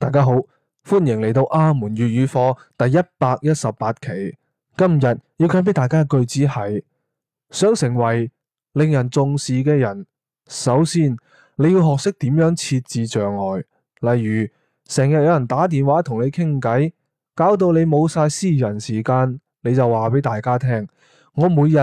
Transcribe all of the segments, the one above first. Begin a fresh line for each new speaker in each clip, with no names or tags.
大家好，歡迎嚟到阿門粵語課第一百一十八期。今日要講俾大家嘅句子係：想成為令人重視嘅人，首先你要學識點樣設置障礙。例如，成日有人打電話同你傾偈，搞到你冇晒私人時間，你就話俾大家聽：我每日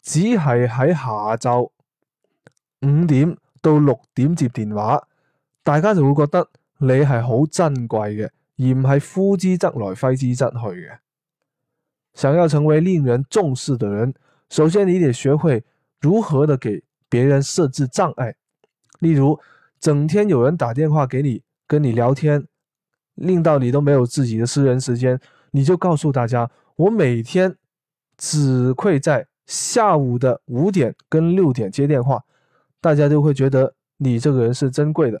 只係喺下晝五點到六點接電話，大家就會覺得，你係好珍貴嘅，而唔係呼之則來，揮之則去嘅。想要成為令人重視的人，首先你得學會如何的給別人設置障礙。例如，整天有人打電話給你，跟你聊天，令到你都沒有自己的私人時間，你就告訴大家，我每天只會在下午的五點跟六點接電話，大家就會覺得你這個人是珍貴的。